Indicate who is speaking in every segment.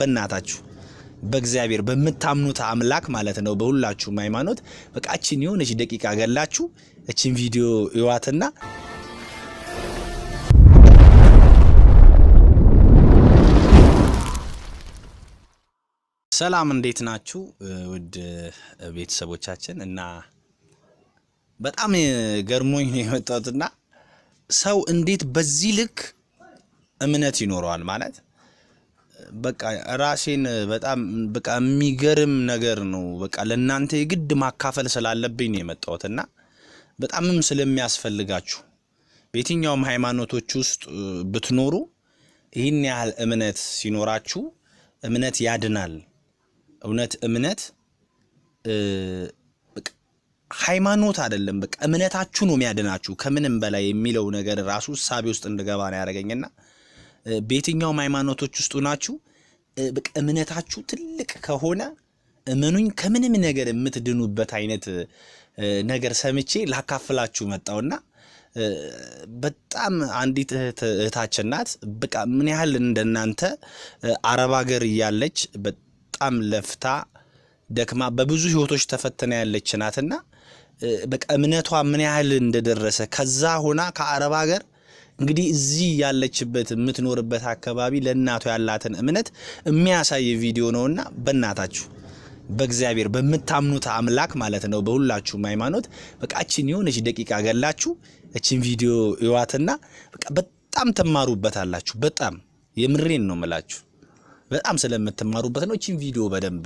Speaker 1: በእናታችሁ በእግዚአብሔር በምታምኑት አምላክ ማለት ነው። በሁላችሁም ሃይማኖት በቃችን የሆነች ደቂቃ ገላችሁ እችን ቪዲዮ እዩዋትና ሰላም እንዴት ናችሁ? ውድ ቤተሰቦቻችን እና በጣም ገርሞኝ ነው የመጣሁትና ሰው እንዴት በዚህ ልክ እምነት ይኖረዋል ማለት በቃ ራሴን በጣም በቃ የሚገርም ነገር ነው። በቃ ለእናንተ የግድ ማካፈል ስላለብኝ ነው የመጣሁት እና በጣምም ስለሚያስፈልጋችሁ በየትኛውም ሃይማኖቶች ውስጥ ብትኖሩ ይህን ያህል እምነት ሲኖራችሁ እምነት ያድናል። እውነት እምነት ሃይማኖት አይደለም፣ በቃ እምነታችሁ ነው የሚያድናችሁ ከምንም በላይ የሚለው ነገር ራሱ እሳቤ ውስጥ እንድገባ ነው ያደረገኝና በየትኛውም ሃይማኖቶች ውስጡ ናችሁ፣ እምነታችሁ ትልቅ ከሆነ እመኑኝ ከምንም ነገር የምትድኑበት አይነት ነገር ሰምቼ ላካፍላችሁ መጣውና በጣም አንዲት እህታችን ናት። በቃ ምን ያህል እንደናንተ አረብ ሀገር እያለች በጣም ለፍታ ደክማ በብዙ ህይወቶች ተፈትና ያለች ናትና በቃ እምነቷ ምን ያህል እንደደረሰ ከዛ ሆና ከአረብ ሀገር እንግዲህ እዚህ ያለችበት የምትኖርበት አካባቢ ለእናቱ ያላትን እምነት የሚያሳይ ቪዲዮ ነውና በእናታችሁ በእግዚአብሔር በምታምኑት አምላክ ማለት ነው። በሁላችሁም ሃይማኖት በቃችን የሆነች ደቂቃ ገላችሁ እችን ቪዲዮ እዩዋትና በጣም ትማሩበታላችሁ። በጣም የምሬን ነው ምላችሁ በጣም ስለምትማሩበት ነው። እችን ቪዲዮ በደንብ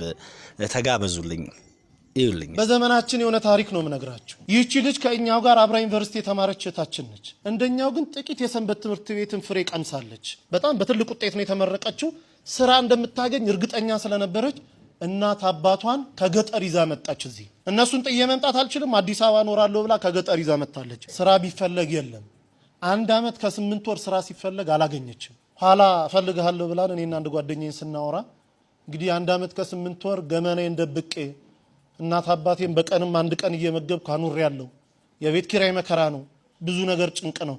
Speaker 1: ተጋበዙልኝ። ይኸውልኝ
Speaker 2: በዘመናችን የሆነ ታሪክ ነው የምነግራችሁ። ይህቺ ልጅ ከእኛው ጋር አብራ ዩኒቨርሲቲ የተማረች እህታችን ነች። እንደኛው ግን ጥቂት የሰንበት ትምህርት ቤትን ፍሬ ቀምሳለች። በጣም በትልቅ ውጤት ነው የተመረቀችው። ስራ እንደምታገኝ እርግጠኛ ስለነበረች እናት አባቷን ከገጠር ይዛ መጣች። እዚህ እነሱን ጥዬ መምጣት አልችልም፣ አዲስ አበባ እኖራለሁ ብላ ከገጠር ይዛ መጣለች። ስራ ቢፈለግ የለም። አንድ ዓመት ከስምንት ወር ስራ ሲፈለግ አላገኘችም። ኋላ እፈልግሃለሁ ብላን እኔና አንድ ጓደኛዬን ስናወራ እንግዲህ አንድ ዓመት ከስምንት ወር ገመናዬን ደብቄ እናት አባቴን በቀንም አንድ ቀን እየመገብኩ ያለው የቤት ኪራይ መከራ ነው፣ ብዙ ነገር ጭንቅ ነው።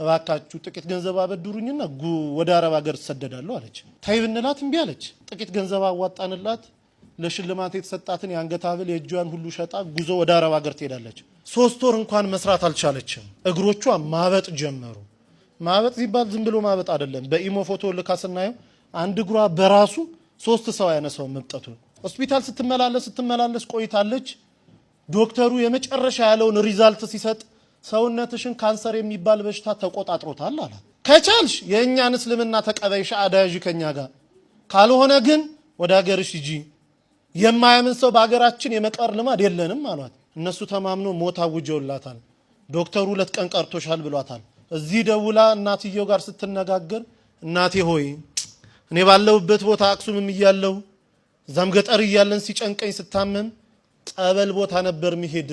Speaker 2: እባካችሁ ጥቂት ገንዘብ አበድሩኝና ወደ አረብ ሀገር እሰደዳለሁ አለች። ታይ ብንላት እምቢ አለች። ጥቂት ገንዘብ አዋጣንላት። ለሽልማት የተሰጣትን የአንገት ሀብል የእጇን ሁሉ ሸጣ ጉዞ ወደ አረብ ሀገር ትሄዳለች። ሶስት ወር እንኳን መስራት አልቻለችም። እግሮቿ ማበጥ ጀመሩ። ማበጥ ሲባል ዝም ብሎ ማበጥ አይደለም። በኢሞ ፎቶ ልካ ስናየው አንድ እግሯ በራሱ ሶስት ሰው ያነሳው መብጠቱ ሆስፒታል ስትመላለስ ስትመላለስ ቆይታለች። ዶክተሩ የመጨረሻ ያለውን ሪዛልት ሲሰጥ ሰውነትሽን ካንሰር የሚባል በሽታ ተቆጣጥሮታል አላት። ከቻልሽ የእኛን እስልምና ተቀበይሽ አዳያዥ ከኛ ጋር ካልሆነ ግን ወደ ሀገርሽ ሂጂ። የማያምን ሰው በሀገራችን የመቀር ልማድ የለንም አሏት። እነሱ ተማምኖ ሞት አውጀውላታል። ዶክተሩ ሁለት ቀን ቀርቶሻል ብሏታል። እዚህ ደውላ እናትየው ጋር ስትነጋገር እናቴ ሆይ እኔ ባለሁበት ቦታ አክሱምም እያለው እዛም ገጠር እያለን ሲጨንቀኝ ስታመም ጸበል ቦታ ነበር መሄድ።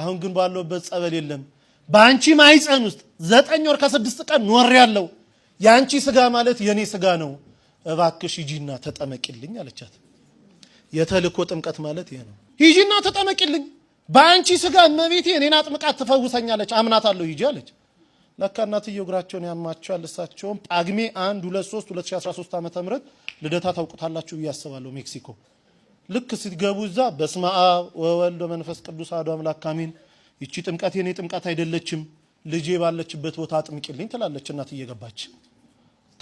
Speaker 2: አሁን ግን ባለውበት ጸበል የለም። በአንቺ ማይፀን ውስጥ ዘጠኝ ወር ከስድስት ቀን ኖር ያለው የአንቺ ስጋ ማለት የኔ ስጋ ነው፣ እባክሽ ሂጂና ተጠመቂልኝ አለቻት። የተልእኮ ጥምቀት ማለት ይሄ ነው። ሂጂና ተጠመቂልኝ፣ በአንቺ ስጋ እመቤቴ እኔን አጥምቃት ትፈውሰኛለች፣ አምናታለሁ፣ ሂጂ አለች። ለካ እናትየው እግራቸውን ያማቸዋል። እሳቸውም ጳግሜ 1 2 3 2013 ዓመተ ምህረት ልደታ ታውቁታላችሁ ብዬ አስባለሁ። ሜክሲኮ ልክ ሲትገቡ እዛ በስመ አብ ወወልድ ወመንፈስ ቅዱስ አሐዱ አምላክ አሜን። ይቺ ጥምቀት የኔ ጥምቀት አይደለችም፣ ልጄ ባለችበት ቦታ አጥምቂልኝ ትላለች እናት ገባች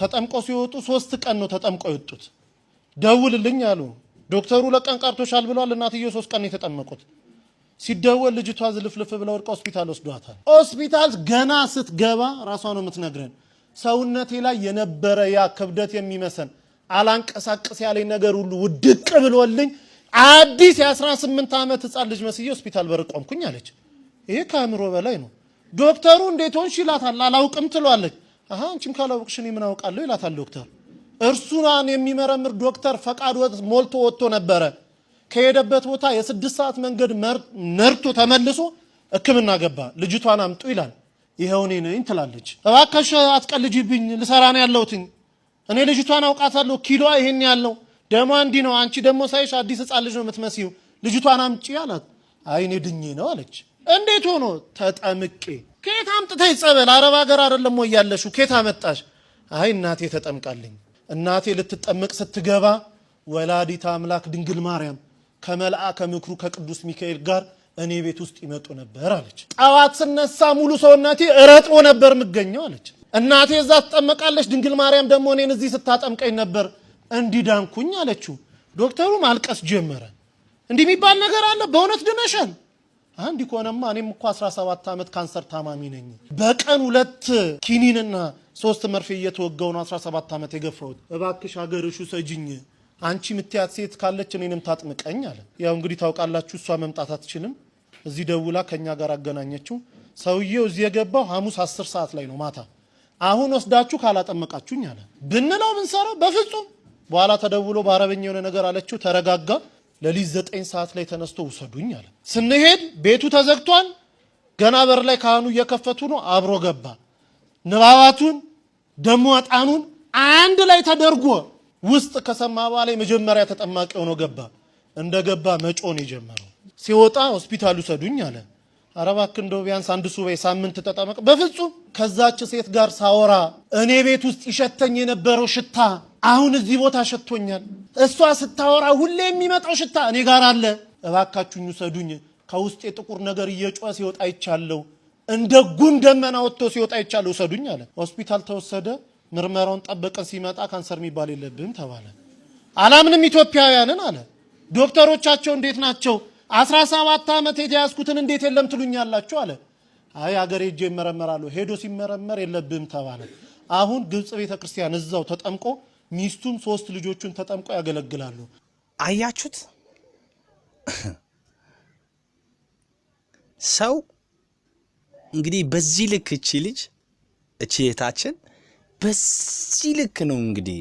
Speaker 2: ተጠምቀው ሲወጡ ሶስት ቀን ነው ተጠምቀው የወጡት። ደውልልኝ አሉ ዶክተሩ። ለቀን ቀርቶሻል ብለዋል። እናትየው ሶስት ቀን የተጠመቁት ሲደወል ልጅቷ ዝልፍልፍ ብለ ወድቀ ሆስፒታል ወስዷታል። ሆስፒታል ገና ስትገባ ራሷ ነው የምትነግረን ሰውነቴ ላይ የነበረ ያ ክብደት የሚመሰን አላንቀሳቅስ ያለኝ ነገር ሁሉ ውድቅ ብሎልኝ አዲስ የ18 ዓመት ህፃን ልጅ መስዬ ሆስፒታል በር ቆምኩኝ አለች። ይሄ ከአእምሮ በላይ ነው። ዶክተሩ እንዴት ሆንሽ ይላታል። አላውቅም ትሏለች። አሃ አንቺም ካላውቅሽ እኔ ምን አውቃለሁ ይላታል ዶክተር። እርሱናን የሚመረምር ዶክተር ፈቃድ ሞልቶ ወጥቶ ነበረ። ከሄደበት ቦታ የስድስት ሰዓት መንገድ ነርቶ ተመልሶ ሕክምና ገባ። ልጅቷን አምጡ ይላል። ይኸውኔ ነኝ ትላለች። እባከሽ አትቀልጅብኝ፣ ልሰራ ነው ያለሁትኝ። እኔ ልጅቷን አውቃታለሁ። ኪሎዋ ይሄን ያለው ደሟ እንዲህ ነው። አንቺ ደግሞ ሳይሽ አዲስ ህፃን ልጅ ነው የምትመስዪው። ልጅቷን አምጪ አላት። አይኔ እኔ ድኜ ነው አለች። እንዴት ሆኖ? ተጠምቄ። ከየት አምጥተሽ ጸበል? አረብ ሀገር አይደለም ወይ ያለሽው? ከየት አመጣሽ? አይ እናቴ ተጠምቃልኝ። እናቴ ልትጠምቅ ስትገባ ወላዲታ አምላክ ድንግል ማርያም ከመልአ ከምክሩ ከቅዱስ ሚካኤል ጋር እኔ ቤት ውስጥ ይመጡ ነበር አለች። ጠዋት ስነሳ ሙሉ ሰውነቴ እረጥቦ ነበር የምገኘው አለች። እናቴ እዛ ትጠመቃለች፣ ድንግል ማርያም ደግሞ እኔን እዚህ ስታጠምቀኝ ነበር እንዲዳንኩኝ አለችው። ዶክተሩ ማልቀስ ጀመረ። እንዲህ የሚባል ነገር አለ? በእውነት ድነሸን? አንድ ከሆነማ እኔም እኮ 17 ዓመት ካንሰር ታማሚ ነኝ። በቀን ሁለት ኪኒንና ሶስት መርፌ እየተወጋው ነው 17 ዓመት የገፋሁት። እባክሽ ሀገርሹ ሰጅኝ አንቺ የምትያት ሴት ካለች እኔንም ታጥምቀኝ አለ። ያው እንግዲህ ታውቃላችሁ፣ እሷ መምጣት አትችልም። እዚህ ደውላ ከኛ ጋር አገናኘችው። ሰውዬው እዚህ የገባው ሐሙስ አስር ሰዓት ላይ ነው ማታ። አሁን ወስዳችሁ ካላጠመቃችሁኝ አለ። ብንለው ብንሰራው በፍጹም በኋላ ተደውሎ በአረበኛ የሆነ ነገር አለችው። ተረጋጋ። ለሊት ዘጠኝ ሰዓት ላይ ተነስቶ ውሰዱኝ አለ። ስንሄድ ቤቱ ተዘግቷል። ገና በር ላይ ካህኑ እየከፈቱ ነው። አብሮ ገባ። ንባባቱን ደሞ ዕጣኑን አንድ ላይ ተደርጎ ውስጥ ከሰማ በኋላ የመጀመሪያ ተጠማቂ ሆኖ ገባ። እንደ ገባ መጮን የጀመረው ሲወጣ ሆስፒታል ውሰዱኝ አለ። ኧረ እባክህ እንደው ቢያንስ አንድ ሱባኤ ሳምንት ተጠመቅ። በፍጹም ከዛች ሴት ጋር ሳወራ እኔ ቤት ውስጥ ይሸተኝ የነበረው ሽታ አሁን እዚህ ቦታ ሸቶኛል። እሷ ስታወራ ሁሌ የሚመጣው ሽታ እኔ ጋር አለ። እባካችሁኝ ውሰዱኝ። ከውስጥ ጥቁር ነገር እየጮኸ ሲወጣ ይቻለው፣ እንደ ጉም ደመና ወጥቶ ሲወጣ ይቻለው፣ ውሰዱኝ አለ። ሆስፒታል ተወሰደ። ምርመራውን ጠበቀን ሲመጣ ካንሰር የሚባል የለብህም ተባለ። አላምንም ኢትዮጵያውያንን አለ። ዶክተሮቻቸው እንዴት ናቸው? 17 ዓመት የተያዝኩትን እንዴት የለም ትሉኛላችሁ አለ። አይ አገሬ ሄጄ ይመረመራሉ። ሄዶ ሲመረመር የለብህም ተባለ። አሁን ግብጽ ቤተክርስቲያን እዛው ተጠምቆ ሚስቱም ሶስት ልጆቹን ተጠምቆ ያገለግላሉ። አያችሁት? ሰው እንግዲህ በዚህ ልክ እቺ ልጅ እቺ የታችን በዚህ ልክ ነው እንግዲህ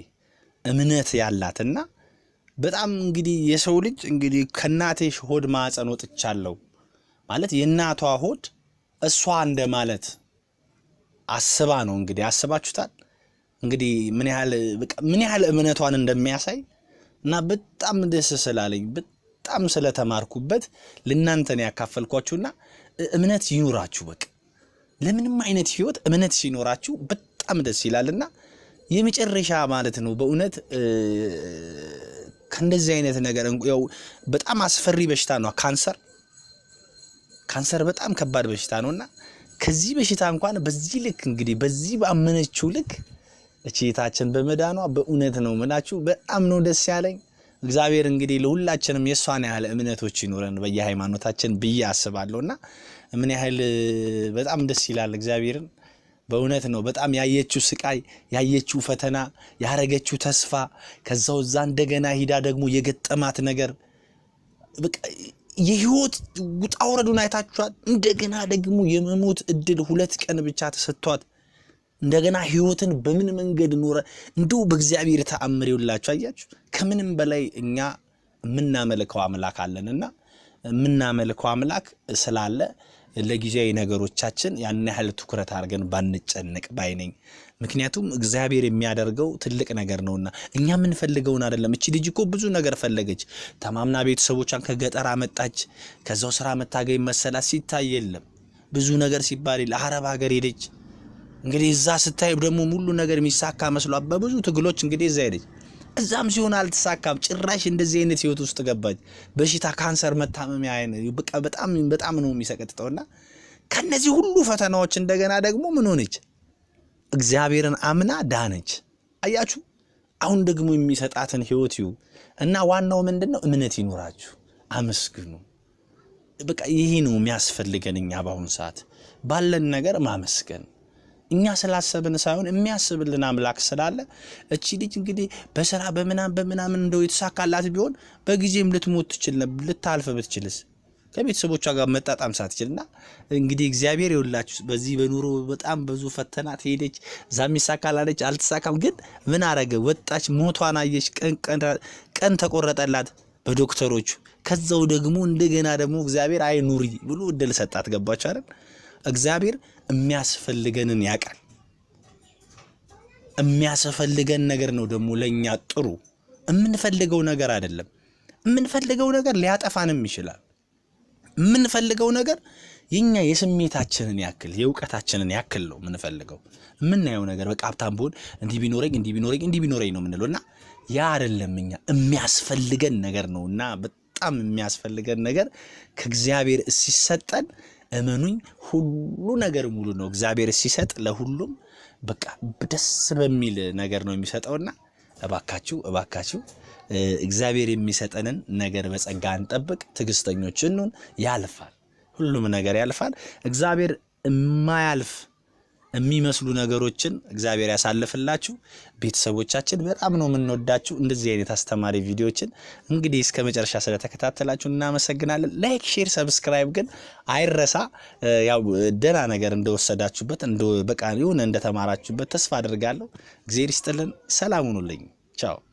Speaker 2: እምነት ያላትና በጣም እንግዲህ የሰው ልጅ እንግዲህ ከእናቴ ሆድ ማዕፀን ወጥቻለሁ ማለት የእናቷ ሆድ እሷ እንደማለት አስባ ነው እንግዲህ አስባችሁታል። እንግዲህ ምን ያህል ምን ያህል እምነቷን እንደሚያሳይ እና በጣም ደስ ስላለኝ በጣም ስለተማርኩበት ልናንተን ያካፈልኳችሁና እምነት ይኑራችሁ። በቃ ለምንም አይነት ህይወት እምነት ሲኖራችሁ በጣም ደስ ይላልና የመጨረሻ ማለት ነው በእውነት ከእንደዚህ አይነት ነገር ያው በጣም አስፈሪ በሽታ ነው ካንሰር። ካንሰር በጣም ከባድ በሽታ እና ከዚህ በሽታ እንኳን በዚህ ልክ እንግዲህ በዚህ ባመነችው ልክ እቺታችን በመዳኗ በእውነት ነው ምላችሁ በጣም ነው ደስ ያለኝ። እግዚአብሔር እንግዲህ ለሁላችንም የእሷን ያህል እምነቶች ይኖረን በየሃይማኖታችን ብዬ አስባለሁ እና ምን ያህል በጣም ደስ ይላል እግዚአብሔርን በእውነት ነው። በጣም ያየችው ስቃይ፣ ያየችው ፈተና፣ ያረገችው ተስፋ ከዛው እዛ እንደገና ሂዳ ደግሞ የገጠማት ነገር የህይወት ውጣ ውረዱን አይታችኋል። እንደገና ደግሞ የመሞት እድል ሁለት ቀን ብቻ ተሰጥቷት እንደገና ህይወትን በምን መንገድ ኖረ እንዲሁ በእግዚአብሔር ተአምር ይውላችሁ። አያችሁ፣ ከምንም በላይ እኛ የምናመልከው አምላክ አለንና የምናመልከው አምላክ ስላለ ለጊዜያዊ ነገሮቻችን ያን ያህል ትኩረት አድርገን ባንጨነቅ ባይነኝ። ምክንያቱም እግዚአብሔር የሚያደርገው ትልቅ ነገር ነውና እኛ የምንፈልገውን አይደለም። እቺ ልጅ እኮ ብዙ ነገር ፈለገች። ተማምና ቤተሰቦቿን ከገጠር አመጣች። ከዛው ስራ መታገኝ መሰላት ሲታይ የለም ብዙ ነገር ሲባል የለ አረብ ሀገር ሄደች። እንግዲህ እዛ ስታይ ደግሞ ሙሉ ነገር የሚሳካ መስሏት በብዙ ትግሎች እንግዲህ እዛ ሄደች። ከዛም ሲሆን አልተሳካም። ጭራሽ እንደዚህ አይነት ህይወት ውስጥ ገባች። በሽታ፣ ካንሰር፣ መታመሚያ በቃ በጣም በጣም ነው የሚሰቀጥጠውና ከነዚህ ሁሉ ፈተናዎች እንደገና ደግሞ ምን ሆነች? እግዚአብሔርን አምና ዳነች። አያችሁ፣ አሁን ደግሞ የሚሰጣትን ህይወት ይዩ እና ዋናው ምንድን ነው? እምነት ይኑራችሁ፣ አመስግኑ። በቃ ይሄ ነው የሚያስፈልገን እኛ በአሁኑ ሰዓት ባለን ነገር ማመስገን እኛ ስላሰብን ሳይሆን የሚያስብልን አምላክ ስላለ እቺ ልጅ እንግዲህ በስራ በምናም በምናምን እንደው የተሳካላት ቢሆን በጊዜም ልትሞት ትችል ልታልፍ ብትችልስ ከቤተሰቦቿ ጋር መጣጣም ሳትችልና እና እንግዲህ እግዚአብሔር ይውላችሁ። በዚህ በኑሮ በጣም ብዙ ፈተና ትሄደች፣ እዛም ይሳካላለች፣ አልተሳካም። ግን ምን አረገ? ወጣች፣ ሞቷን አየች፣ ቀን ተቆረጠላት በዶክተሮቹ። ከዛው ደግሞ እንደገና ደግሞ እግዚአብሔር አይኑሪ ብሎ እድል ሰጣት። ገባች አይደል? እግዚአብሔር የሚያስፈልገንን ያውቃል። የሚያስፈልገን ነገር ነው ደግሞ ለእኛ ጥሩ። የምንፈልገው ነገር አይደለም። የምንፈልገው ነገር ሊያጠፋንም ይችላል። የምንፈልገው ነገር የኛ የስሜታችንን ያክል የእውቀታችንን ያክል ነው የምንፈልገው። የምናየው ነገር በቃ ሀብታም ብሆን እንዲህ ቢኖረኝ እንዲህ ቢኖረኝ እንዲህ ቢኖረኝ ነው የምንለው እና ያ አይደለም እኛ የሚያስፈልገን ነገር ነው እና በጣም የሚያስፈልገን ነገር ከእግዚአብሔር ሲሰጠን እመኑኝ፣ ሁሉ ነገር ሙሉ ነው። እግዚአብሔር ሲሰጥ ለሁሉም በቃ ደስ በሚል ነገር ነው የሚሰጠውና እባካችሁ እባካችሁ እግዚአብሔር የሚሰጠንን ነገር በጸጋ እንጠብቅ፣ ትዕግስተኞች እንሁን። ያልፋል፣ ሁሉም ነገር ያልፋል። እግዚአብሔር የማያልፍ የሚመስሉ ነገሮችን እግዚአብሔር ያሳልፍላችሁ። ቤተሰቦቻችን በጣም ነው የምንወዳችሁ። እንደዚህ አይነት አስተማሪ ቪዲዮችን እንግዲህ እስከ መጨረሻ ስለተከታተላችሁ እናመሰግናለን። ላይክ፣ ሼር፣ ሰብስክራይብ ግን አይረሳ። ያው ደህና ነገር እንደወሰዳችሁበት በቃ የሆነ እንደተማራችሁበት ተስፋ አድርጋለሁ። እግዜር ይስጥልን። ሰላም ሁኑልኝ። ቻው